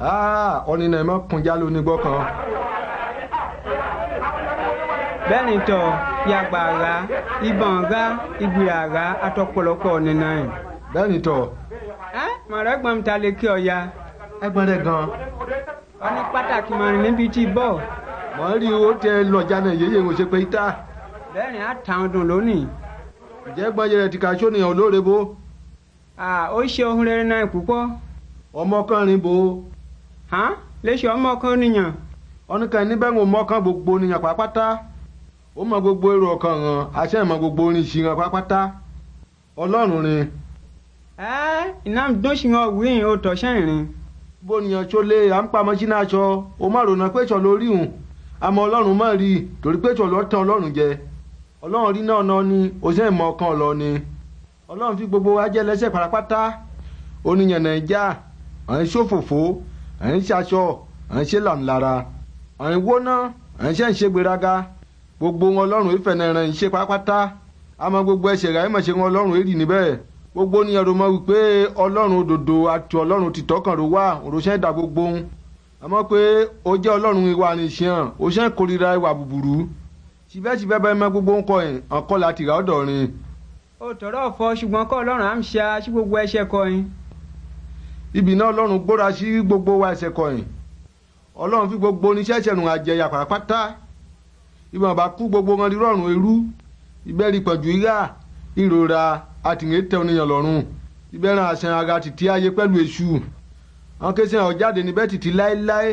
Ah, ọ̀nìnà ẹ̀ mọ́ kunjá lóní gbọ́kàn. bẹ́ẹ̀ ni tọ́ yàgbà ra ìbọn ra ìgbìyà ra atọ́pọ̀lọpọ̀ ọ̀nìnà ẹ̀. bẹ́ẹ̀ ni tọ́. mọ̀rọ̀ ẹ̀gbọ́n ta lè kí ọ ya. ẹ̀gbọ́n rẹ gan. wọ́n ní pàtàkì mọ̀rin níbi tí bọ̀. mọ̀ ń rí o tẹ lọ́jà náà yéye ń ṣe pé ìta. bẹ́ẹ̀ ni àtàwọn dùn lónìí. ǹjẹ́ gbọ́njẹ rẹ ti ka sóníyàn olóore bó. ó ṣe ohun rere náà púpọ̀. ọmọkùnrin bo hàn léṣe ọmọ ọkọ nìyàn. ọ̀nìkan níbẹ̀ ń mọ kan gbogbo nìyàn pápátá ó mọ gbogbo èrò ọkàn hàn gbogbo orin ṣìyàn pápátá ọlọ́run ni. ẹ iná dún ṣìyàn wíìn ó tọ́ sẹ́yìn. bó nìyàn tó lé à ń pamọ́ sínú aṣọ o má rònà pé ìṣọ̀ lórí hùn àmọ́ ọlọ́run má rí i torí pé ìṣọ̀ lọ́ tán ọlọ́run jẹ ọlọ́run rí náà náà ni òṣèlú ìmọ̀ ọkàn ọ̀lọ́ ni ọlọ́run fi gbogbo wa jẹ́ lẹ́sẹ̀ ẹ̀ ń ṣaṣọ ẹ̀ ń ṣe làmìlára ẹ̀ ń wóná ẹ̀ ń ṣe ń ṣe gbéraga gbogbo wọn lọ́rùn ìfẹ̀nẹ̀rẹ̀ ń ṣe pátápátá àmọ́ gbogbo ẹsẹ̀ rẹ̀ àìmọ̀ṣe wọn lọ́rùn èrì níbẹ̀ gbogbo ní ẹrù mọ́ wípé ọlọ́run òdòdó àti ọlọ́run tìtọ́kànrò wà òròṣẹ́ ìdá gbogbo ń àmọ́ pé ó jẹ́ ọlọ́run ìwà nìṣàn òṣẹ́ ìkórira ìwà búburú síbẹ̀síbẹ̀ bẹ́ẹ̀ mọ́ gbogbo ń kọ ẹ̀ ọ̀kọ́ láti rà ọ́dọ̀ rin. ó tọrọ fọ ṣùgbọ́n kọ́ ọlọ́run à ń ṣe aṣí gbogbo ẹ̀ṣẹ̀ kọrin ibì náà ọlọ́run gbóra sí gbogbo wa ẹsẹ̀ kọ̀yìn ọlọ́run fi gbogbo oníṣẹ́ ìṣẹ̀nù àjẹyà pàápàá ìbọn bá kú gbogbo wọn di rọrùn eru ìbẹ́rì pẹ̀jù ìhà ìrora àtìgé tẹ oníyàn lọ́rùn ìbẹ́ràn àṣà ara títí ayé pẹ̀lú èṣù àwọn kéṣe hàn jáde níbẹ̀ títí láéláé.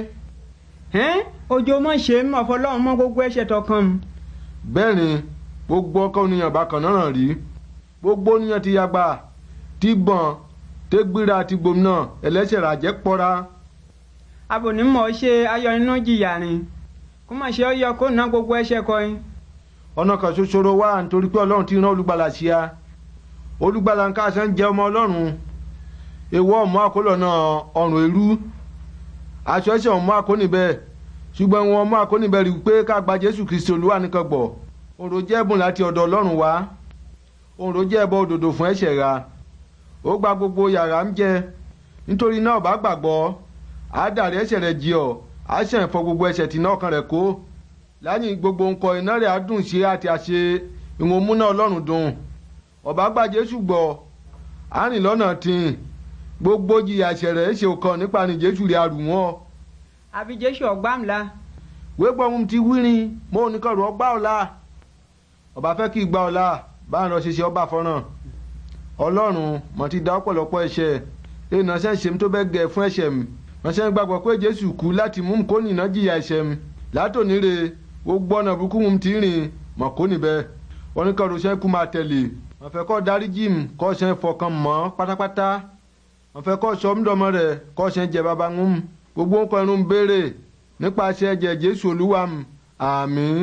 ọjọ́ mọ̀ ṣe é mọ̀ fọlọ́run mọ́ gbogbo ẹ̀ṣẹ̀ tọkàn. bẹ́ẹ̀ ni gbogbo ọkọ oníyàn bá kàn náà rí gbogbo oníyàn ti yàgbà ti bọ̀n tégbìrà àti gbòmìnà ẹlẹ́ṣẹ̀ ràjẹ́ kpọra. abònímọ̀ ṣe ayọ̀nínú jìyà ni ṣe ọyọ kó ná gbogbo ẹṣẹ kọrin. ọ̀nà kan ṣoṣoro wà nítorí pé ọlọ́run ti ran olùgbàlà sí a olùgbàlà nǹkan ọmọ ọlọ́run ọmọ ọ̀rùn aṣọ ọmọ ṣùgbọ́n ọmọ rí kristi olúwa nìkan gbọ̀ ẹ̀bùn láti ọ̀dọ̀ ọlọ́run wá òdòdó fún ẹ̀ṣẹ̀ ó gba gbogbo yàrá ń jẹ nítorí náà bá gbàgbọ́ àádàrẹ́ ẹsẹ̀ rẹ̀ jì ọ́ á ṣe ẹ̀fọ́ gbogbo ẹsẹ̀ tí náà kan rẹ̀ kó lẹ́yìn gbogbo nǹkan iná rẹ̀ á dùn ṣe àti àṣe ìwọ̀n múná ọlọ́run dùn ọ̀bá gba Jésù gbọ́ àárín lọ́nà tìǹ gbogbo jìyà ẹsẹ̀ rẹ̀ ṣe kàn nípa ni Jésù rẹ̀ àrùn wọn. àfi Jésù ọ̀gbámla. wégbọ́n mu ti wírin mo ò ní kọ̀rọ̀ ọgbà ọ̀la ọba fẹ́ kí ìgbà ọ̀la bá ń rọ ṣiṣẹ́ ọba fọ́nrán ọlọ́run mo ti dá ọ̀pọ̀lọpọ̀ ẹ̀ṣẹ̀ ìránṣẹ́ ṣe mi tó bẹ́ gẹ fún ẹ̀ṣẹ̀ mi ránṣẹ́ gbàgbọ́ pé jésù kú láti mú mi kó nìyàn jìyà ẹ̀ṣẹ̀ mi látòní re gbogbo ọ̀nà burúkú mi ti rìn mọ̀ kó níbẹ̀ wọn ní kọ́ ránṣẹ́ kú máa tẹ̀lé mo fẹ́ kó dáríjì mi kó ṣe fọkàn mọ́ pátápátá mo fẹ́ kó sọ mídọ́mọ rẹ̀ kó ṣe jẹ bàbá ń mú mi gbogbo nǹkan irun béèrè nípasẹ̀ ẹ̀jẹ̀ jésù olúwa mi àmín.